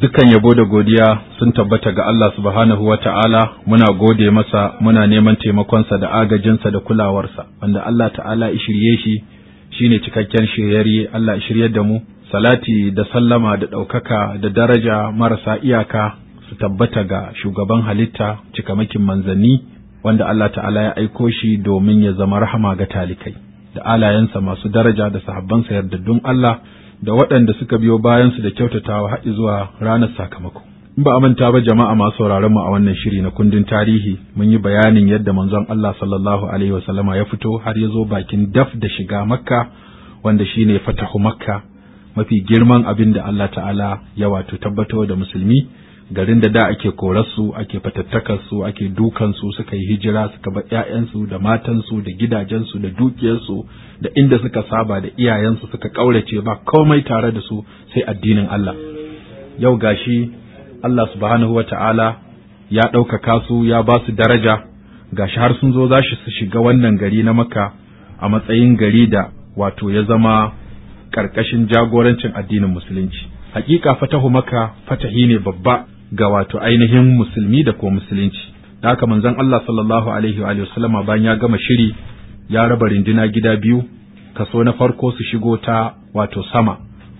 Dukan yabo da godiya sun tabbata ga Allah subhanahu wa ta'ala muna gode masa muna neman taimakonsa da agajinsa da kulawarsa, wanda Allah ta'ala shirye shi shine cikakken shiryarye Allah shiryar da mu, salati da sallama da ɗaukaka da daraja marasa iyaka su tabbata ga shugaban halitta cikamakin manzanni wanda Allah ta'ala ya aiko shi domin ya zama rahama ga talikai, da alayensa masu daraja da sahabbansa yardaddun Allah. da waɗanda suka biyo bayan su da kyautatawa haɗi zuwa ranar sakamako. In ba a manta ba jama'a masu sauraron mu a wannan shiri na kundin tarihi mun yi bayanin yadda manzon Allah sallallahu alaihi sallama ya fito har ya zo bakin daf da shiga Makka wanda shine fatahu Makka mafi girman abin da Allah ta'ala ya wato tabbatar da musulmi garin da da ake korarsu ake fatattakarsu ake dukansu suka yi hijira suka bar ‘ya'yansu da matansu da gidajensu da dukiyarsu da inda suka saba da iyayensu suka ƙaurace ba komai tare da su sai addinin Allah yau gashi Allah subhanahu wa ta'ala ya ɗaukaka su ya ba su daraja gashi har sun zo za su shiga wannan gari na maka a matsayin gari da wato ya zama ƙarƙashin jagorancin addinin musulunci hakika fatahu maka fatahi ne babba ga wato ainihin musulmi da ko musulunci da haka manzon Allah sallallahu alaihi wa sallama bayan ya gama shiri ya raba rinduna gida biyu kaso na farko su shigo ta wato sama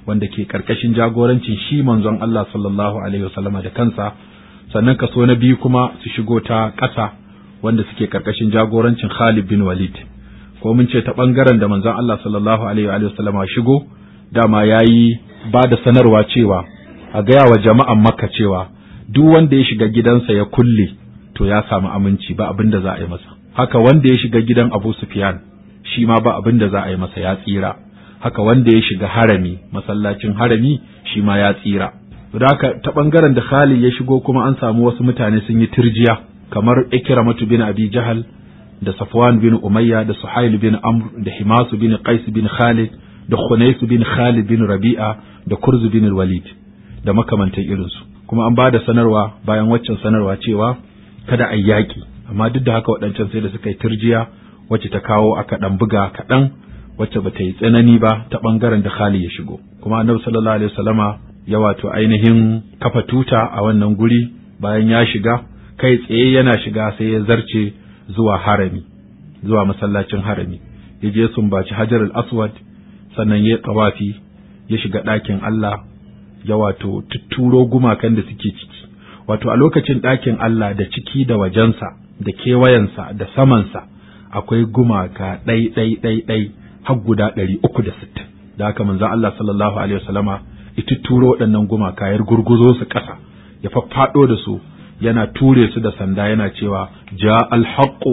wanda ke karkashin jagorancin shi manzon Allah sallallahu alaihi wa sallama da kansa sannan kaso na biyu kuma su shigo ta ƙasa wanda suke karkashin jagorancin Khalid bin Walid ko mun ce ta bangaren da manzon Allah sallallahu alaihi wa sallama shigo dama yayi ba da sanarwa cewa a gaya wa jama'an Makka cewa duk wanda ya shiga gidansa ya kulle to ya samu aminci ba abin da za a yi masa haka wanda ya shiga gidan Abu Sufyan shi ma ba abin da za a yi masa ya tsira haka wanda ya shiga harami masallacin harami shi ma ya tsira haka ta bangaren da Khalid ya shigo kuma an samu wasu mutane sun yi turjiya kamar Ikramatu bin Abi Jahal da Safwan bin Umayya da Suhail bin Amr da Himasu bin Qais bin Khalid da Khunais bin Khalid bin Rabi'a da Kurzu bin Walid da makamantan irinsu kuma an ba da sanarwa bayan waccan sanarwa cewa kada a yaƙi amma duk da haka waɗancan sai da suka yi turjiya wacce ta kawo aka ɗan buga kaɗan wacce ba ta yi tsanani ba ta ɓangaren da Khali ya shigo kuma annabi sallallahu alaihi wasallama ya wato ainihin kafa tuta a wannan guri bayan ya shiga kai tsaye yana shiga sai ya zarce zuwa harami zuwa masallacin harami ya je sumbaci hajar al-aswad sannan ya tawafi ya shiga ɗakin Allah ya wato tutturo gumakan da suke ciki wato a lokacin ɗakin Allah da ciki da wajensa da kewayensa da samansa akwai gumaka ɗai ɗai ɗai ɗai har guda ɗari uku da sittin da haka manzon Allah sallallahu alaihi wasallama ya tutturo waɗannan gumaka ya gurguzo su ƙasa ya faffaɗo da su yana ture su da sanda yana cewa ja alhaqqu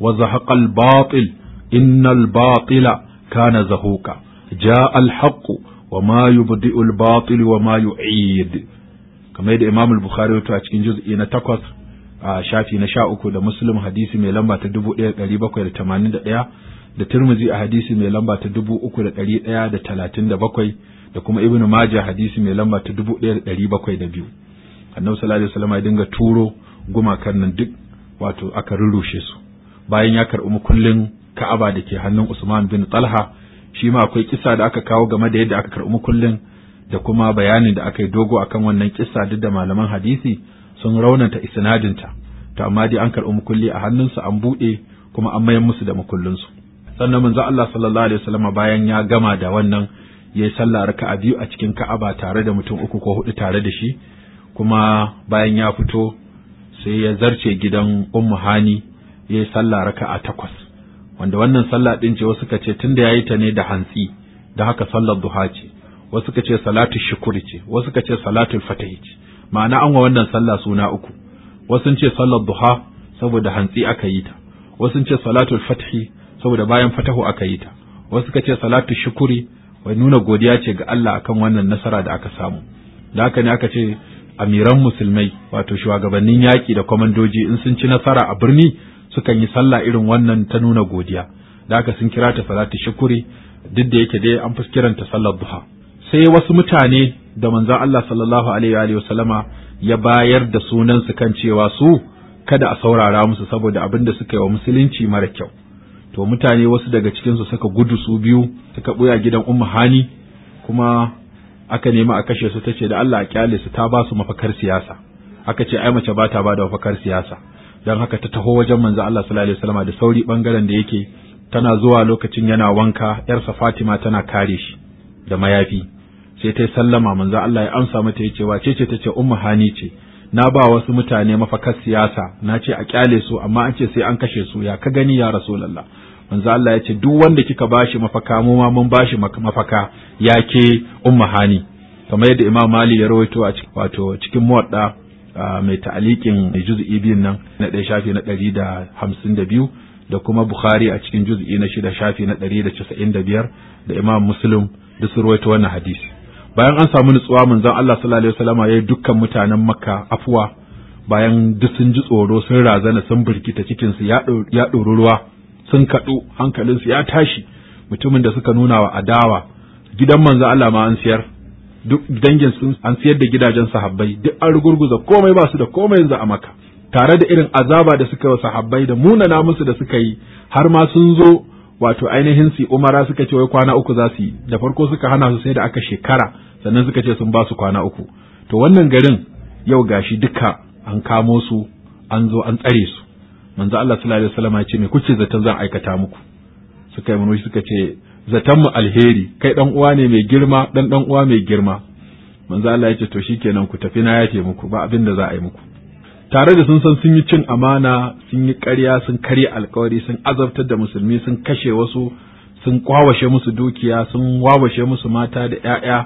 wa zahaqal batil innal batila kana zahuka ja alhaqqu wa ma yubdi'u al-batil wa ma yu'id kamar yadda Imam al-Bukhari wato a cikin juz'i na takwas a shafi na sha uku da Muslim hadisi mai lamba ta dubu bakwai da tamanin da da Tirmidhi a hadisi mai lamba ta dubu uku da da talatin da bakwai da kuma Ibn Majah hadisi mai lamba ta dubu da bakwai da biyu Annabi sallallahu alaihi wasallam ya dinga turo gumakan nan duk wato aka rurrushe su bayan ya karɓi kullun Ka'aba da ke hannun Usman bin Talha shi ma akwai kisa da aka kawo game da yadda aka karɓi mukullin da kuma bayanin da aka yi dogo akan wannan kisa duk da malaman hadisi sun raunanta isnadinta to amma dai an karɓi mukulli a hannunsu an buɗe kuma an mayar musu da mukullinsu sannan manzo Allah sallallahu alaihi wasallam bayan ya gama da wannan yayi sallah raka'a biyu a cikin Ka'aba tare da mutum uku ko hudu tare da shi kuma bayan ya fito sai ya zarce gidan Ummu Hani yayi sallah raka'a takwas wanda wannan sallah din ce wasu ka ce tunda yayi ta ne da hantsi da haka sallar duha ce wasu ka ce salatu shukuri ce wasu ka ce salatu fatahi ce ma'ana an wa wannan sallah suna uku wasu ce sallar duha saboda hantsi aka yi ta wasu ce salatu fathi saboda bayan fatahu aka yi ta wasu ka ce salatu shukuri wai nuna godiya ce ga Allah akan wannan nasara da aka samu da haka ne aka ce amiran musulmai wato shugabannin yaƙi da kwamandoji in sun ci nasara a birni sukan yi sallah irin wannan ta nuna godiya da aka sun kira ta salatu shukuri duk da yake dai an fi kiranta sallar duha sai wasu mutane da manzon Allah sallallahu alaihi wa sallama ya bayar da sunan su kan cewa su kada a saurara musu saboda abin da suka yi wa musulunci mara kyau to mutane wasu daga cikin su suka gudu su biyu suka buya gidan ummu hani kuma aka nemi a kashe su tace da Allah a kyale su ta ba su mafakar siyasa aka ce ai mace ba ta ba da mafakar siyasa dan haka ta taho wajen manzo Allah sallallahu alaihi wasallam da sauri bangaren da yake tana zuwa lokacin yana wanka yarsa Fatima tana kare shi da mayafi sai ta sallama manzo Allah ya amsa mata yace wace ce tace ummu hani ce na ba wasu mutane mafakar siyasa na ce a kyale su amma an ce sai an kashe su ya ka gani ya rasulullah manzo Allah ya ce duk wanda kika bashi mafaka mu ma mun bashi mafaka ya ke ummu hani kamar yadda Imam Mali ya rawaito a cikin wato cikin muwadda mai ta'alikin juz'i biyun nan na ɗaya shafi na ɗari da hamsin da biyu da kuma bukhari a cikin juz'i na shida shafi na ɗari da casa'in da biyar da imam muslim duk sun ruwaito wannan hadisi bayan an samu nutsuwa manzon Allah sallallahu alaihi wasallam ya yi dukkan mutanen makka afuwa bayan duk sun ji tsoro sun razana sun birkita cikinsu ya ɗoru ruwa sun kaɗu hankalinsu ya tashi mutumin da suka nuna wa adawa gidan manzon Allah ma an siyar duk dangin sun an siyar da gidajen sahabbai duk an rugurguza komai ba su da komai yanzu a maka tare da irin azaba da suka wa sahabbai da munana musu da suka yi har ma sun zo wato ainihin su umara suka ce wai kwana uku za su yi da farko suka hana su sai da aka shekara sannan suka ce sun ba su kwana uku to wannan garin yau gashi duka an kamo su an zo an tsare su manzo Allah sallallahu alaihi wasallam ya ce me kuke zaton zan aikata muku suka yi munushi suka ce zaton mu alheri kai dan uwa ne mai girma dan dan uwa mai girma manzo Allah ya ce to shikenan ku tafi na ce muku ba abin da za a yi muku tare da sun san sun yi cin amana sun yi ƙarya sun karya alkawari sun azabtar da musulmi sun kashe wasu sun kwawashe musu dukiya sun wawashe musu mata da ƴaƴa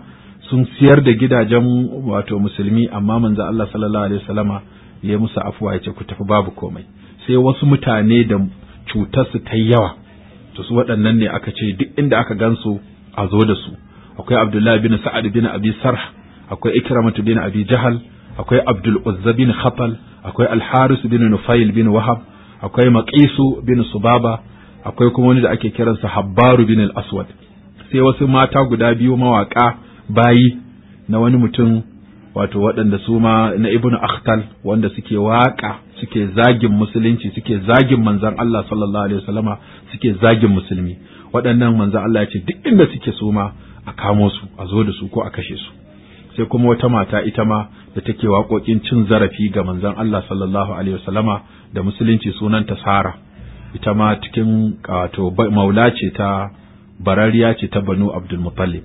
sun siyar da gidajen wato musulmi amma manzo Allah sallallahu alaihi wasallama ya musu afuwa ya ku tafi babu komai sai wasu mutane da cutar su ta yawa to su waɗannan ne aka ce duk inda aka gansu a zo da su akwai abdullahi bin sa'ad bin abi sarh akwai ikramatu bin abi jahal akwai abdul uzza bin khafal akwai al-haris bin nufail bin wahab akwai maqisu bin subaba akwai kuma wani da ake kiransa habbaru bin al-aswad sai wasu mata guda biyu mawaka bayi na wani mutum wato waɗanda su ma na ibnu akhtal wanda suke waƙa. suke zagin musulunci suke zagin manzan Allah sallallahu alaihi wasallama suke zagin musulmi waɗannan manzan Allah ya ce duk inda suke so ma a kamo su a zo da su ko a kashe su sai kuma wata mata ita ma da take waƙoƙin cin zarafi ga manzan Allah sallallahu alaihi wasallama da musulunci sunanta Sara ita ma cikin wato maula ce ta barariya ce ta Banu Abdul Muttalib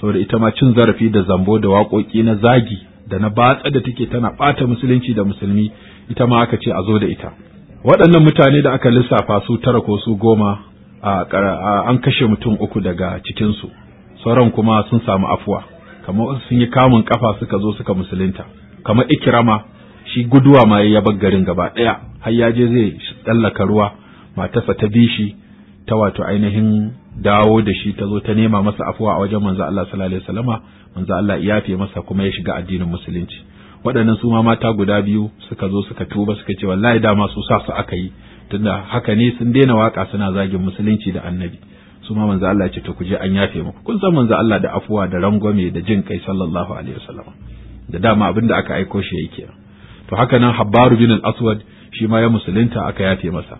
saboda ita ma cin zarafi da zambo da waƙoƙi na zagi da na batsa da take tana ɓata musulunci da musulmi ita ma aka ce a zo da ita waɗannan mutane da aka lissafa su tara ko su goma an kashe mutum uku daga cikinsu sauran kuma sun samu afuwa kamar sun yi kamun kafa suka zo suka musulunta kamar ikirama shi guduwa ma ya bar garin gaba ɗaya har ya je zai tsallaka ruwa matarsa ta bi shi ta wato ainihin dawo da shi ta zo ta nema masa afuwa a wajen manzo Allah sallallahu alaihi wasallama manzo Allah ya masa kuma ya shiga addinin musulunci waɗannan su ma mata guda biyu suka zo suka tuba suka ce wallahi dama su sa su aka yi tunda haka ne sun daina waka suna zagin musulunci da annabi su ma manzo Allah ce to ku je an yafe muku kun san manzo Allah da afuwa da rangwame da jin kai sallallahu alaihi wasallam da dama abinda aka aiko shi yake to haka nan Habbaru bin al-Aswad shi ma ya musulunta aka yafe masa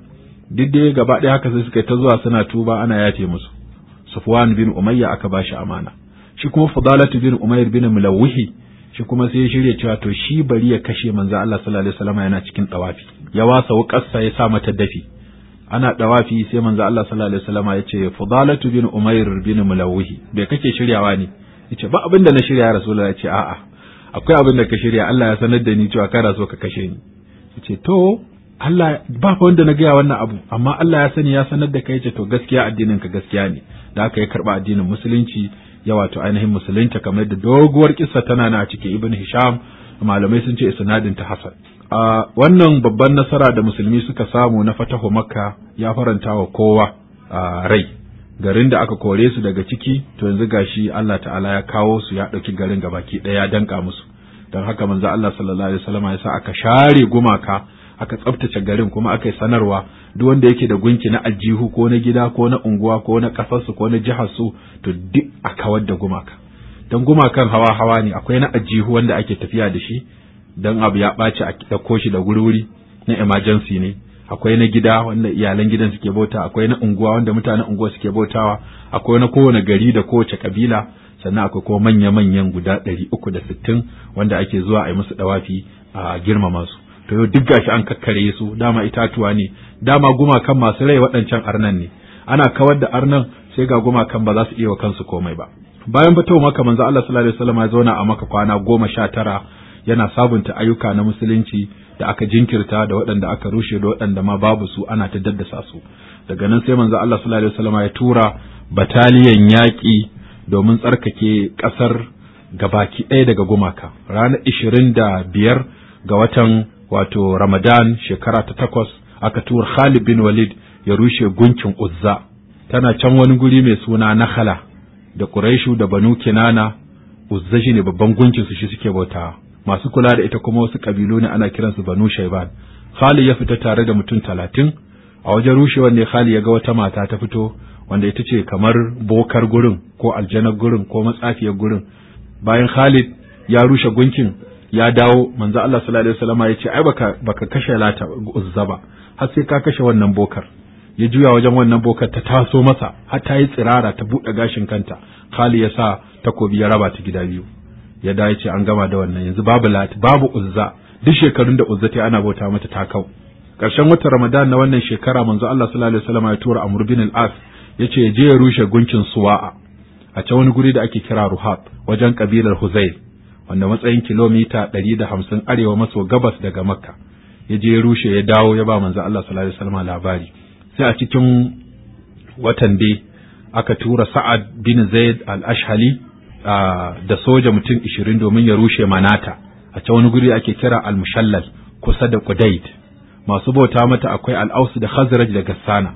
duk da gaba ɗaya haka sai suka ta zuwa suna tuba ana yafe musu Sufwan bin Umayya aka bashi amana shi kuma fadalatu bin Umayr bin Mulawhi shi kuma sai ya shirya cewa to shi bari ya kashe manzo Allah sallallahu alaihi wasallam yana cikin dawafi ya wasa wukarsa ya sa mata dafi ana dawafi sai manzo Allah sallallahu alaihi wasallam ya ce fudalatu bin umair bin mulawhi bai kake shiryawa ne yace ba abin da na shirya rasulullahi ya ce a'a akwai abin da ka shirya Allah ya sanar da ni cewa kana so ka kashe ni yace to Allah ba fa wanda na gaya wannan abu amma Allah ya sani ya sanar da kai ce to gaskiya addinin ka gaskiya ne da aka ya karba addinin musulunci ya wato ainihin musulunta kamar da doguwar kissa tana na cikin ibn hisham malamai sun ce isnadin ta hasan a wannan babban nasara da musulmi suka samu na fatahu makka ya faranta wa kowa a rai garin da aka kore su daga ciki to yanzu gashi Allah ta'ala ya kawo su ya ɗauki garin gabaki ɗaya ya danka musu don haka manzo Allah sallallahu alaihi wasallam ya sa aka share gumaka aka tsaftace garin kuma aka yi sanarwa duk wanda yake da gunki na ajihu ko na gida ko na unguwa ko na kasarsu ko na jiharsu to duk a kawar da gumaka don gumakan hawa hawa ne akwai na ajihu wanda ake tafiya da shi don abu ya ɓaci a ɗauko shi da wuri na emergency ne akwai na gida wanda iyalan gidan suke bauta akwai na unguwa wanda mutanen unguwa suke bautawa akwai na kowane gari da kowace kabila sannan akwai kuma manya-manyan guda ɗari uku da sittin wanda ake zuwa a yi musu ɗawafi a girmama su to duk shi an kakkare su dama itatuwa ne dama gumakan masu rai waɗancan arnan ne ana kawar da arnan sai ga gumakan ba za su iya wa kansu komai ba bayan fitowa maka manzo Allah sallallahu alaihi wasallam ya zauna a maka kwana goma sha tara yana sabunta ayyuka na musulunci da aka jinkirta da waɗanda aka rushe da waɗanda ma babu su ana ta daddasa su daga nan sai manzo Allah sallallahu alaihi wasallam ya tura bataliyan yaƙi domin tsarkake ƙasar gabaki ɗaya daga gumaka ranar ishirin da biyar ga watan wato Ramadan shekara ta takwas aka tura Khalid bin Walid ya rushe gunkin Uzza tana can wani guri mai suna Nakhala da Quraishu da Banu Kinana Uzza ne babban gunkin su shi suke bauta masu kula da ita kuma wasu kabilu ne ana kiransu Banu Shayban Khalid ya fita tare da mutum talatin a wajen rushewar ne Khalid ya ga wata mata ta fito wanda ita ce kamar bokar gurin ko aljanar gurin ko matsafiyar gurin bayan Khalid ya rushe gunkin ya dawo manzo Allah sallallahu alaihi wasallam ya ce ai baka baka kashe lata uzza ba har sai ka kashe wannan bokar ya juya wajen wannan bokar ta taso masa har ta yi tsirara ta buɗe gashin kanta Khali ya sa takobi ya raba ta gida biyu ya dawo ya ce an gama da wannan yanzu babu Lati babu uzza duk shekarun da uzza ta ana bauta mata ta kau Karshen watan Ramadan na wannan shekara manzo Allah sallallahu alaihi wasallam ya tura Amr bin al-As yace ya je ya rushe guncin Suwa'a a can wani guri da ake kira Ruhab wajen kabilar Huzayl wanda matsayin kilomita ɗari da hamsin arewa maso gabas daga makka ya je ya rushe ya dawo ya ba manzo Allah sallallahu alaihi wasallam labari sai a cikin watan dai aka tura Sa'ad bin Zaid al-Ashhali da soja mutum ishirin domin ya rushe Manata a can wani guri ake kira al-Mushallal kusa da Qudayd masu bauta mata akwai al-Aus da Khazraj da Gassana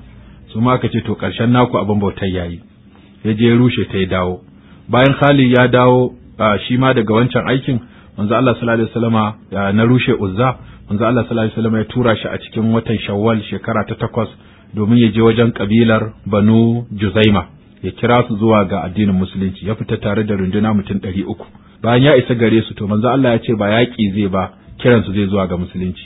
su ma aka ce to karshen naku abin bautar yayi ya je ya rushe ta ya dawo bayan Khalid ya dawo shi ma daga wancan aikin manzo Allah sallallahu alaihi wasallama na rushe uzza manzo Allah sallallahu alaihi wasallama ya tura shi a cikin watan shawwal shekara ta takwas domin ya je wajen kabilar banu juzaima ya kira su zuwa ga addinin musulunci ya fita tare da runduna mutum ɗari uku bayan ya isa gare su to manzo Allah ya ce ba yaƙi zai ba kiran su zai zuwa ga musulunci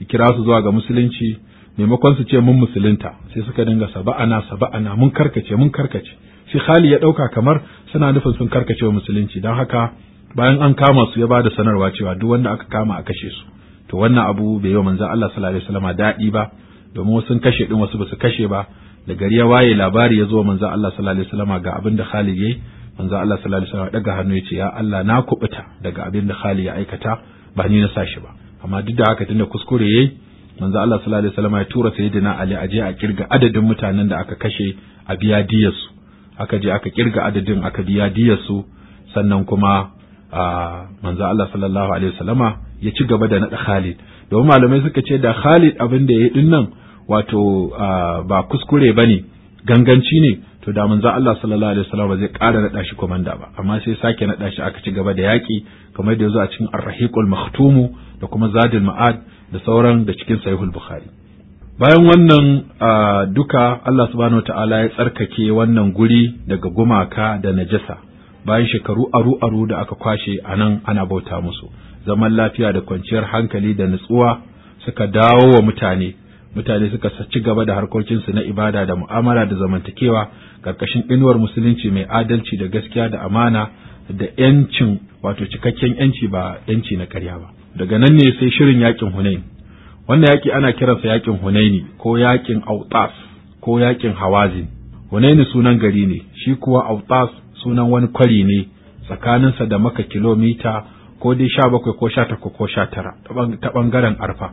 ya kira su zuwa ga musulunci maimakon su ce mun musulunta sai suka dinga saba'ana saba'ana mun karkace mun karkace sai Khali ya ɗauka kamar suna nufin sun karkacewa musulunci don haka bayan an kama su ya bada sanarwa cewa duk wanda aka kama a kashe su to wannan abu bai yi wa manzon Allah sallallahu alaihi wasallam daɗi ba domin wasu sun kashe din wasu basu kashe ba da gari ya waye labari ya zo manzon Allah sallallahu alaihi wasallam ga abin da khali yayi manzon Allah sallallahu alaihi wasallam daga hannu ya ce ya Allah na kubuta daga abin da khali ya aikata ba ni na sashi ba amma duk da haka tunda kuskure yayi manzo Allah sallallahu alaihi wasallam ya tura sayyidina Ali aje a kirga adadin mutanen da aka kashe a biya diyar su aka je aka kirga adadin aka biya diyar su sannan kuma manzo Allah sallallahu alaihi wasallama ya ci gaba da naɗa Khalid domin malamai suka ce da Khalid abin da ya din nan wato ba kuskure bane ganganci ne to da manzo Allah sallallahu alaihi wasallama zai ƙara naɗa shi komanda ba amma sai sake naɗa shi aka ci gaba da yaƙi kamar da yazo a cikin Ar-Rahiqul Makhtumu da kuma Zadul Ma'ad da sauran da cikin Sahihul Bukhari bayan wannan duka Allah subhanahu ta'ala ya tsarkake wannan guri daga gumaka da najasa bayan shekaru aru aru da aka kwashe a nan ana bauta musu zaman lafiya da kwanciyar hankali da nutsuwa suka dawo wa mutane mutane suka ci gaba da harkokinsu na ibada da mu'amala da zamantakewa ƙarƙashin inuwar musulunci mai adalci da gaskiya da amana da yancin wato cikakken yanci ba yanci na ƙarya ba daga nan ne sai shirin yakin hunain wannan yaƙi ana kiransa yaƙin hunaini ko yaƙin autas ko yaƙin hawazin hunaini sunan gari ne shi kuwa autas sunan wani kwari ne tsakaninsa da maka kilomita ko dai sha bakwai ko sha takwa ko sha tara ta ɓangaren arfa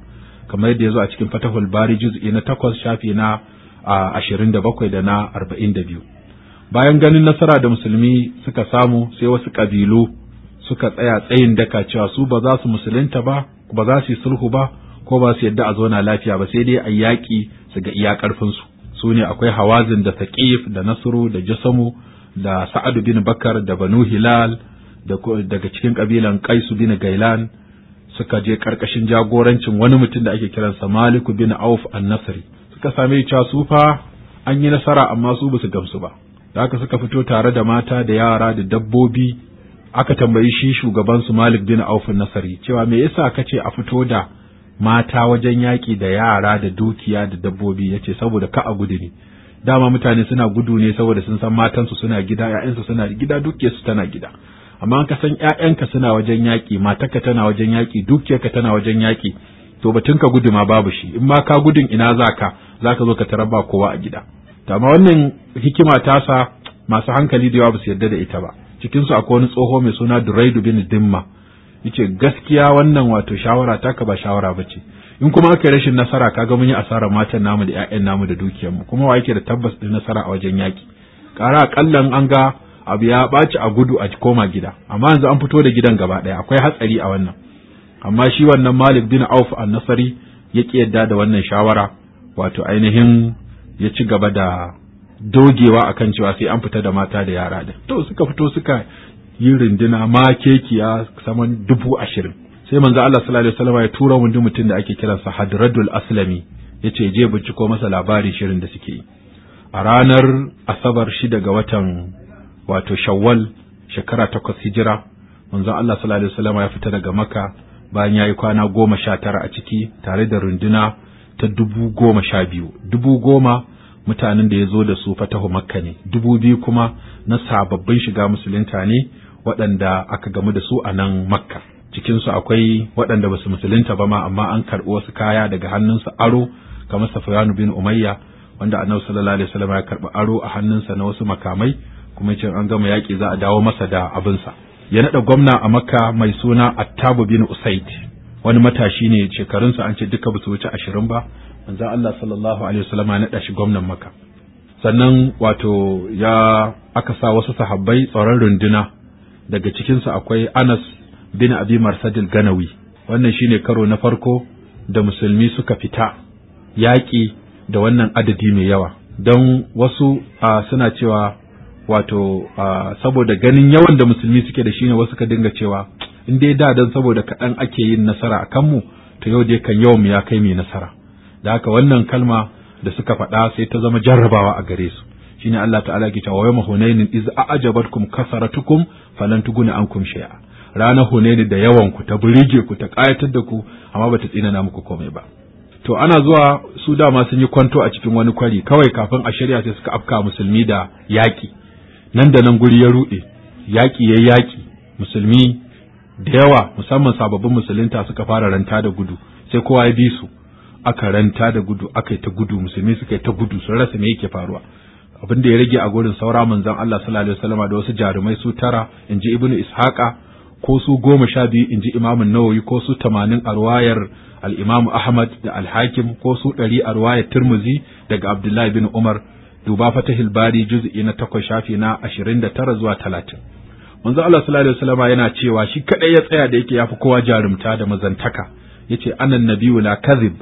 kamar yadda ya zo a cikin fatahul bari juz'i na takwas shafi na ashirin da bakwai da na arba'in da biyu bayan ganin nasara da musulmi suka samu sai wasu ƙabilu suka tsaya tsayin daka cewa su ba za su musulunta ba ba za su yi sulhu ba ko ba su yadda a zauna lafiya ba sai dai a yaƙi su ga iya ƙarfinsu su ne akwai hawazin da Saƙif da nasru da jasamu da sa'adu bin bakar da banu hilal daga cikin kabilan kaisu bin gailan suka je karkashin jagorancin wani mutum da ake kiransa maliku bin auf an-nasri suka same cewa su fa an yi nasara amma su basu gamsu ba da haka suka fito tare da mata da yara da dabbobi aka tambayi shi shugaban su malik bin auf an-nasri cewa me yasa kace a fito da mata wajen yaƙi da yara da dukiya da dabbobi yace saboda ka a gudu ne dama mutane suna gudu ne saboda sun san matansu suna gida ƴaƴansu suna gida dukiyarsu tana gida amma ka san ƴaƴanka suna wajen yaƙi matarka tana wajen yaƙi dukiyarka tana wajen yaƙi to batun ka gudu ma babu shi in ma ka gudun ina zaka zaka zo ka taraba kowa a gida to amma wannan hikima ta sa masu hankali da yawa ba su yarda da ita ba cikin su akwai wani tsoho mai suna Duraidu bin Dimma yace gaskiya wannan wato shawara taka ba shawara bace in kuma aka yi rashin nasara kaga mun yi asarar matan namu da 'ya'yan namu da dukiyar mu kuma wa yake da tabbas din nasara a wajen yaki Kara kallan an ga abu ya baci a gudu a koma gida amma yanzu an fito da gidan gaba ɗaya akwai hatsari a wannan amma shi wannan Malik bin Auf an-Nasari ya ki yadda da wannan shawara wato ainihin ya ci gaba da dogewa akan cewa sai an fita da mata da yara din to suka fito suka yi rindina ma kekiya saman dubu ashirin sai manzo Allah sallallahu alaihi ya tura wani mutum da ake kiransa Hadradul Aslami yace je binciko masa labari shirin da suke yi a ranar Asabar shi daga watan wato Shawwal shekara takwas hijira manzo Allah sallallahu alaihi wasallam ya fita daga Makka bayan yayi kwana goma sha tara a ciki tare da runduna ta dubu goma sha biyu dubu goma mutanen da ya zo da su fatahu makka ne dubu biyu kuma na sababbin shiga musulunta ne waɗanda aka gamu da su a nan makka cikinsu akwai waɗanda ba su musulunta ba ma amma an karɓi wasu kaya daga hannunsu aro kamar safiyanu bin umayya wanda annabi sallallahu alaihi wasallam ya karɓi aro a hannunsa na wasu makamai kuma yace an gama yaƙi za a dawo masa da abinsa ya naɗa gwamna a makka mai suna attabu bin usaid wani matashi ne shekarunsa an ce duka ba su wuce ashirin ba za Allah sallallahu alaihi wasallam ya naɗa shi gwamnan makka sannan wato ya aka sa wasu sahabbai tsaron runduna daga cikinsu akwai Anas bin Abi Marsadil Ganawi wannan shine karo na farko da musulmi suka fita yaƙi da wannan adadi mai yawa don wasu suna cewa wato saboda ganin yawan da musulmi suke da shi ne wasu ka dinga cewa in dai da dan saboda kaɗan ake yin nasara a kanmu to yau dai kan yawan mu ya kai mai nasara da haka wannan kalma da suka faɗa sai ta zama jarrabawa a gare su shine Allah ta'ala ke cewa yawma hunainin iz a'jabatkum kasaratukum falan tuguna ankum shay'a ranar hunaini da yawan ku ta burige ku ta kayatar da ku amma bata tsinana muku komai ba to ana zuwa su dama sun yi kwanto a cikin wani kwari kawai kafin a shirya sai suka afka musulmi da yaki nan da nan guri ya ruɗe yaki ya yaki musulmi da yawa musamman sababbin musulunta suka fara ranta da gudu sai kowa ya bi su aka ranta da gudu aka yi ta gudu musulmi suka yi ta gudu sun rasa me yake faruwa abin da ya rage a gurin saura manzon Allah sallallahu alaihi wasallama da wasu jarumai su tara inji ibnu ishaqa ko su goma sha biyu inji imamun nawawi ko su tamanin a ruwayar al'imamu ahmad da alhakim ko su ɗari a ruwayar turmuzi daga abdullahi bin umar duba fatahil bari juz'i na takwas shafi na ashirin da tara zuwa talatin manzo Allah sallallahu alaihi wasallam yana cewa shi kaɗai ya tsaya da yake yafi kowa jarumta da mazantaka yace anan nabiyyu la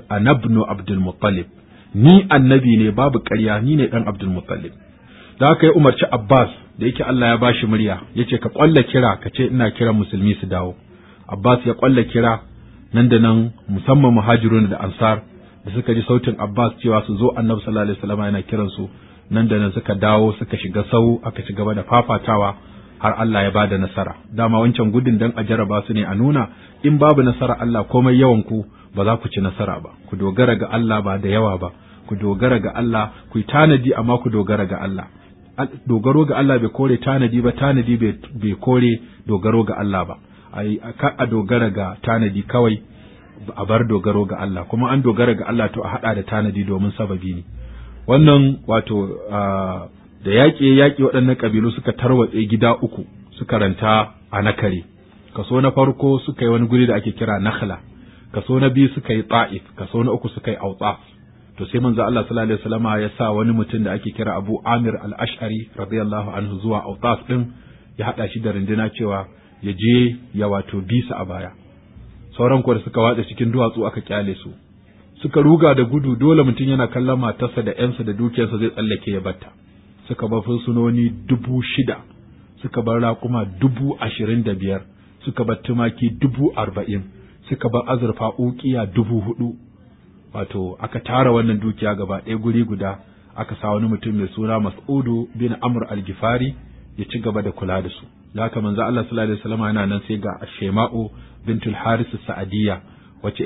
anabnu abdul muttalib ni annabi ne babu ƙarya ni ne dan Abdul Muttalib da aka yi umarci Abbas da yake Allah ya bashi murya yace ka kwalla kira ka ce ina kiran musulmi su dawo Abbas ya kwalla kira nan da nan musamman muhajirun da ansar da suka ji sautin Abbas cewa su zo Annabi sallallahu alaihi wasallam yana kiransu nan da nan suka dawo suka shiga sau aka ci gaba da fafatawa har Allah ya ba da nasara dama wancan gudun dan a jaraba su ne a nuna in babu nasara Allah komai yawan ku ba za ku ci nasara ba ku dogara ga Allah ba da yawa ba ku dogara ga Allah ku yi tanadi amma ku dogara ga Allah dogaro ga Allah bai kore tanadi ba tanadi bai kore dogaro ga Allah ba a dogara ga tanadi kawai a bar dogaro ga Allah kuma an dogara ga Allah to a hada da tanadi domin sababi ne wannan wato ah, da yaƙi yaƙi waɗannan ƙabilu suka tarwatse gida uku suka ranta a nakare kaso na farko suka yi wani guri da ake kira nakhla kaso na biyu suka yi ta'if kaso na uku suka yi to sai manzo Allah sallallahu alaihi wasallama ya sa wani mutum da ake kira Abu Amir al-Ash'ari radiyallahu anhu zuwa autsaf din ya hada shi da rinduna cewa ya je ya wato bisa a baya sauran kuwa suka watsa cikin duwatsu aka kyale su suka ruga da gudu dole mutum yana kallon matarsa da 'yansa da dukiyarsa zai tsallake ya batta suka bar fursunoni dubu shida suka bar raƙuma dubu ashirin da biyar suka bar tumaki dubu arba'in suka bar azurfa uƙiya dubu hudu wato aka tara wannan dukiya gaba ɗaya guri guda aka sa wani mutum mai suna mas'udu bin Amur al ya ci gaba da kula da su da haka manzo Allah sallallahu alaihi wasallam yana nan sai ga Shema'u bintul Haris Sa'adiyya wace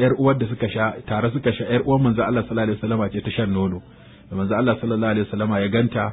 yar uwar da suka sha tare suka sha yar uwar manzo Allah sallallahu alaihi wasallam ce ta shan nono da manzo Allah sallallahu alaihi wasallama ya ganta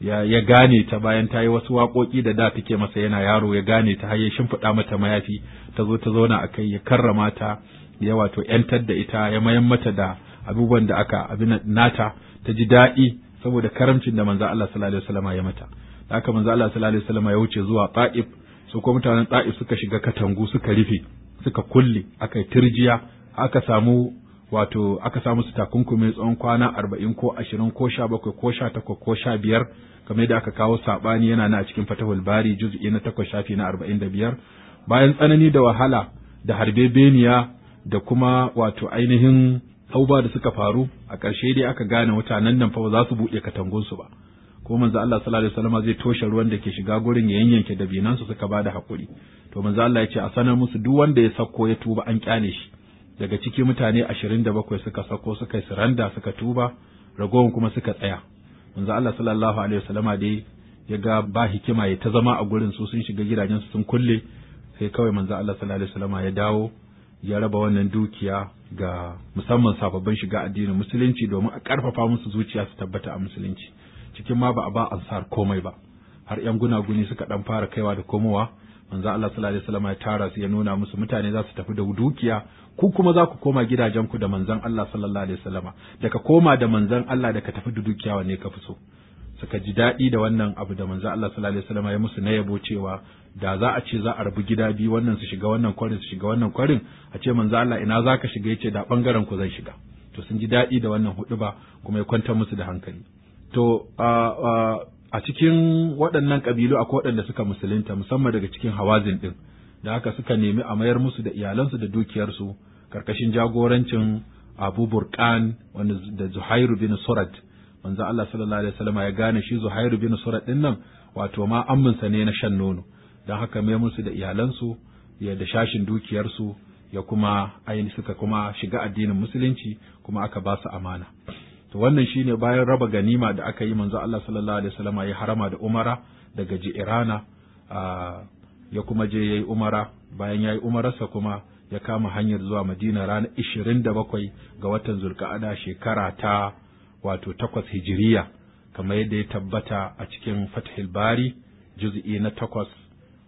ya, gane ta bayan ta yi wasu waƙoƙi da da take masa yana yaro ya gane ta har ya shimfiɗa mata mayafi ta zo ta zauna a kai ya karrama ta ya wato ‘yantar da ita ya mayan mata da abubuwan da aka abin nata ta ji daɗi saboda karamcin da manzo Allah sallallahu alaihi wasallama ya mata da haka manzo Allah sallallahu alaihi wasallama ya wuce zuwa Ta'if su kuma mutanen Ta'if suka shiga katangu suka rufe suka kulle aka yi turjiya aka samu wato aka sa su takunkumi tsawon kwana arba'in ko ashirin ko sha bakwai ko sha takwas ko sha biyar kamar yadda aka kawo saɓani yana na a cikin fatahul bari juz'i na takwas shafi na arba'in da biyar bayan tsanani da wahala da harbe beniya da kuma wato ainihin hauba da suka faru a ƙarshe dai aka gane mutanen nan fa ba za su buɗe katangunsu ba ko manzo Allah sallallahu alaihi wasallam zai toshe ruwan da ke shiga gurin ya yanyanke da binansu suka bada hakuri to manzo Allah ya ce a sanar musu duk wanda ya sako ya tuba an kyale shi daga ciki mutane ashirin da bakwai suka sako suka yi suranda suka tuba ragowar kuma suka tsaya manzo Allah sallallahu alaihi wasallama dai ya ga ba hikima ya ta zama a gurin su sun shiga gidajen su sun kulle sai kawai manzo Allah sallallahu alaihi wasallama ya dawo ya raba wannan dukiya ga musamman sababbin shiga addinin musulunci domin a karfafa musu zuciya su tabbata a musulunci cikin ma ba a ba ansar komai ba har yan gunaguni suka dan fara kaiwa da komowa manzo Allah sallallahu alaihi wasallam ya tara su ya nuna musu mutane za su tafi da dukiya ku kuma za ku koma gidajenku da manzon Allah sallallahu alaihi wasallama daga koma da manzon Allah da ka tafi da dukiya wanne ka fi so suka ji daɗi da wannan abu da manzo Allah sallallahu alaihi wasallama ya musu na yabo cewa da za a ce za a rabu gida biyu wannan su shiga wannan kwarin su shiga wannan kwarin a ce manzo Allah ina za ka shiga yace da bangaren ku zan shiga to sun ji daɗi da wannan huɗuba kuma ya kwantar musu da hankali to a cikin waɗannan ƙabilu akwai waɗanda suka musulunta musamman daga cikin hawazin ɗin da haka suka nemi a mayar musu da iyalansu da dukiyarsu karkashin jagorancin abu burkan wani da zuhairu bin surat manzo Allah sallallahu alaihi wasallam ya gane shi zuhairu bin surat ɗin nan wato ma amminsa ne na shan nono don haka mai musu da iyalansu ya da shashin dukiyarsu ya kuma ayin suka kuma shiga addinin musulunci kuma aka ba su amana to wannan shine bayan raba ganima da aka yi manzo Allah sallallahu alaihi wasallam ya harama da umara daga Ji'irana ya kuma je yayi umara bayan yayi umararsa kuma ya kama hanyar zuwa Madina ranar 27 ga watan Zulka'ada shekara ta wato takwas hijiriya kamar yadda ya tabbata a cikin Fathul Bari juz'i na takwas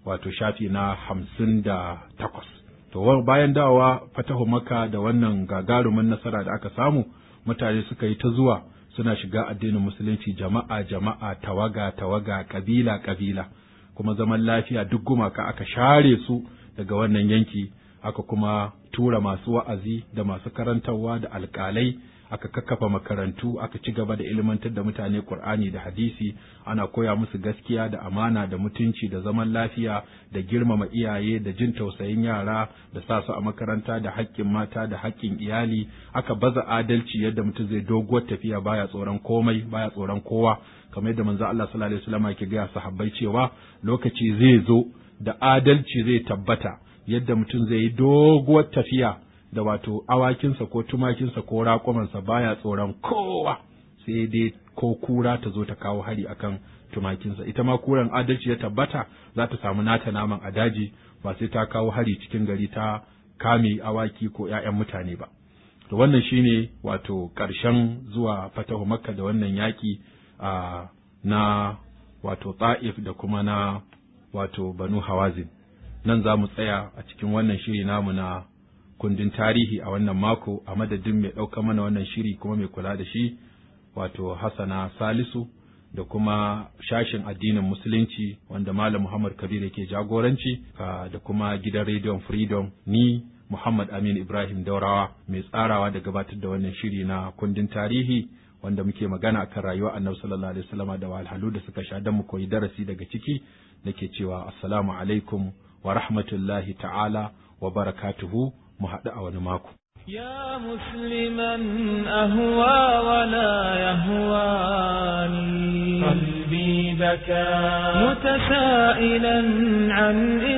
wato shafi na hamsin da takwas. To bayan dawowa fatahu makka da wannan gagarumin nasara da aka samu mutane suka yi ta zuwa suna shiga addinin musulunci jama'a jama'a tawaga tawaga kabila kabila kuma zaman lafiya duk gumaka aka share su daga wannan yanki aka kuma tura masu wa'azi da masu karantarwa da alƙalai aka kakkafa makarantu aka ci gaba da ilmantar da mutane Qur'ani da hadisi ana koya musu gaskiya da amana da mutunci da zaman lafiya da girmama iyaye da jin tausayin yara da sa su a makaranta da haƙƙin mata da haƙƙin iyali aka baza adalci yadda mutum zai doguwar tafiya baya tsoron komai baya tsoron kowa kamar yadda manzo Allah sallallahu alaihi wasallam yake ga sahabbai cewa lokaci zai zo da adalci zai tabbata yadda mutum zai yi doguwar tafiya da wato awakinsa ko tumakinsa ko raƙumansa baya tsoron kowa sai dai ko kura ta zo ta kawo hari akan tumakinsa ita ma kuran adalci ya tabbata za ta samu nata naman a daji ba sai ta kawo hari cikin gari ta kame awaki ko ‘ya'yan mutane ba to wannan shine wato ƙarshen zuwa fatahu makka da wannan yaƙi na wato ta'if da kuma na wato banu hawazin nan za mu tsaya a cikin wannan shiri namu na kundin tarihi a wannan mako a madadin mai ɗauka mana wannan shiri kuma mai kula da shi wato Hassana Salisu da kuma shashin addinin musulunci wanda Malam Muhammad Kabir yake jagoranci da kuma gidan rediyon Freedom ni Muhammad Aminu Ibrahim Daurawa mai tsarawa da gabatar da wannan shiri na kundin tarihi wanda muke magana akan rayuwa Annabi sallallahu alaihi wasallam da walhalu da suka sha dan mu koyi darasi daga ciki nake cewa assalamu alaikum wa rahmatullahi ta'ala wa barakatuhu mu haɗu a wani mako يا مسلما أهوى ولا يهواني قلبي بكى متسائلا عن